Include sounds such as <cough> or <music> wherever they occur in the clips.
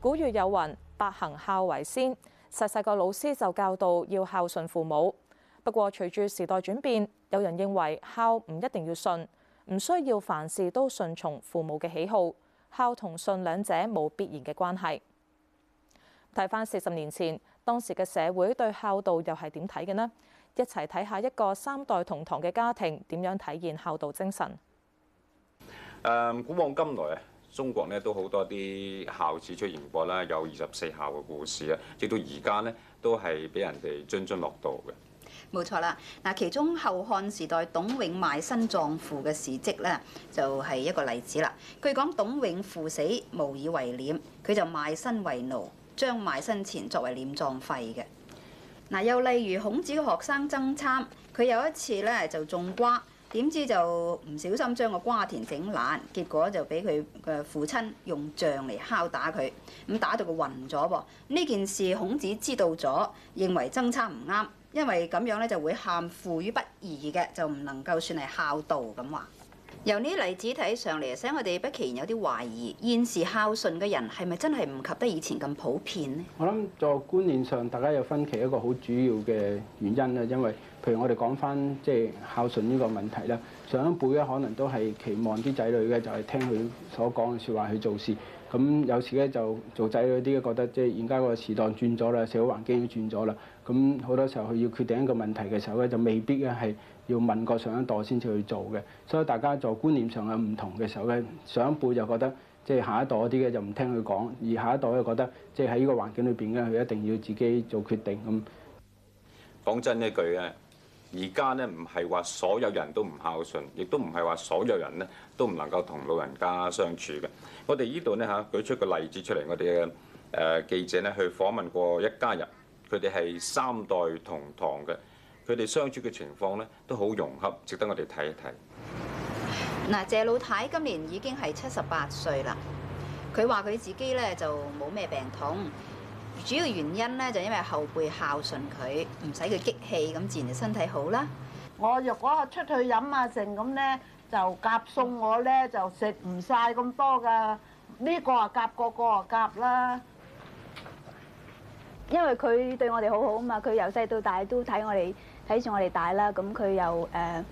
古語有云：百行孝為先。細細個老師就教導要孝順父母。不過隨住時代轉變，有人認為孝唔一定要順，唔需要凡事都順從父母嘅喜好。孝同順兩者冇必然嘅關係。睇返四十年前，當時嘅社會對孝道又係點睇嘅呢？一齊睇下一個三代同堂嘅家庭點樣體現孝道精神。嗯，古往今來啊！中國咧都好多啲孝子出現過啦，有二十四孝嘅故事啊，直到而家咧都係俾人哋津津樂道嘅。冇錯啦，嗱，其中後漢時代董永賣身葬父嘅事蹟咧，就係一個例子啦。據講董永父死無以為殮，佢就賣身為奴，將賣身錢作為殮葬費嘅。嗱，又例如孔子嘅學生曾參，佢有一次咧就種瓜。點知就唔小心將個瓜田整爛，結果就俾佢嘅父親用杖嚟敲打佢，咁打到佢暈咗噃。呢件事孔子知道咗，認為爭差唔啱，因為咁樣咧就會陷父於不義嘅，就唔能夠算係孝道咁話。由呢啲例子睇上嚟，使我哋不期然有啲懷疑，現時孝順嘅人係咪真係唔及得以前咁普遍呢？我諗在觀念上，大家有分歧一個好主要嘅原因啦。因為譬如我哋講返即係孝順呢個問題啦，上一輩咧可能都係期望啲仔女嘅就係、是、聽佢所講嘅説話去做事。咁有時咧就做仔女啲覺得即係而家個時代轉咗啦，社會環境都轉咗啦。咁好多時候佢要決定一個問題嘅時候咧，就未必嘅係。要問過上一代先至去做嘅，所以大家在觀念上有唔同嘅時候咧，上一輩就覺得即係下一代嗰啲嘅就唔聽佢講，而下一代就覺得即係喺呢個環境裏邊咧，佢一定要自己做決定咁。講真一句咧，而家咧唔係話所有人都唔孝順，亦都唔係話所有人咧都唔能夠同老人家相處嘅。我哋呢度咧嚇舉出個例子出嚟，我哋嘅誒記者咧去訪問過一家人，佢哋係三代同堂嘅。佢哋相處嘅情況咧，都好融合，值得我哋睇一睇。嗱，謝老太今年已經係七十八歲啦。佢話佢自己咧就冇咩病痛，主要原因咧就因為後輩孝順佢，唔使佢激氣，咁自然就身體好啦。我若果出去飲啊剩咁咧，就夾餸我咧就食唔晒咁多㗎，呢、這個啊夾，個個啊夾啦。因為佢對我哋好好啊嘛，佢由細到大都睇我哋睇住我哋大啦，咁佢又誒、呃、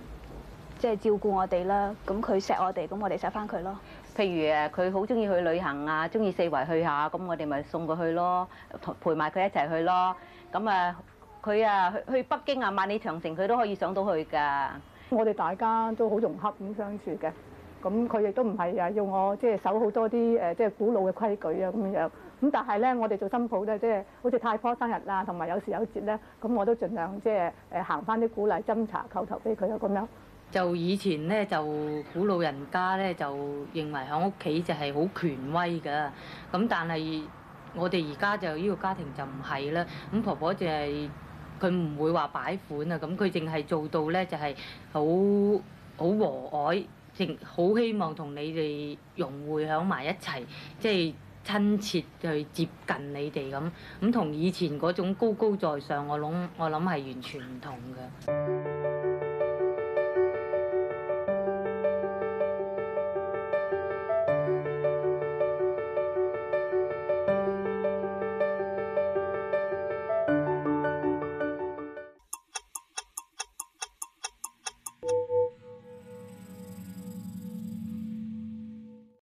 即係照顧我哋啦，咁佢錫我哋，咁我哋錫翻佢咯。譬如誒，佢好中意去旅行啊，中意四圍去下，咁我哋咪送佢去咯，陪埋佢一齊去咯。咁啊，佢啊去去北京啊，萬里長城佢都可以上到去㗎。我哋大家都好融洽咁相處嘅。咁佢亦都唔係啊，要我即係守好多啲誒，即係古老嘅規矩啊，咁樣。咁但係咧，我哋做新抱咧，即係好似太婆生日啊，同埋有時有節咧，咁我都盡量即係誒行翻啲古禮，斟茶叩頭，俾佢啊，咁樣。就以前咧，就古老人家咧就認為喺屋企就係好權威㗎。咁但係我哋而家就呢個家庭就唔係啦。咁婆婆就係佢唔會話擺款啊，咁佢淨係做到咧就係好好和藹。好希望同你哋融匯響埋一齊，即係親切去接近你哋咁，咁同以前嗰種高高在上，我諗我諗係完全唔同嘅。 <music>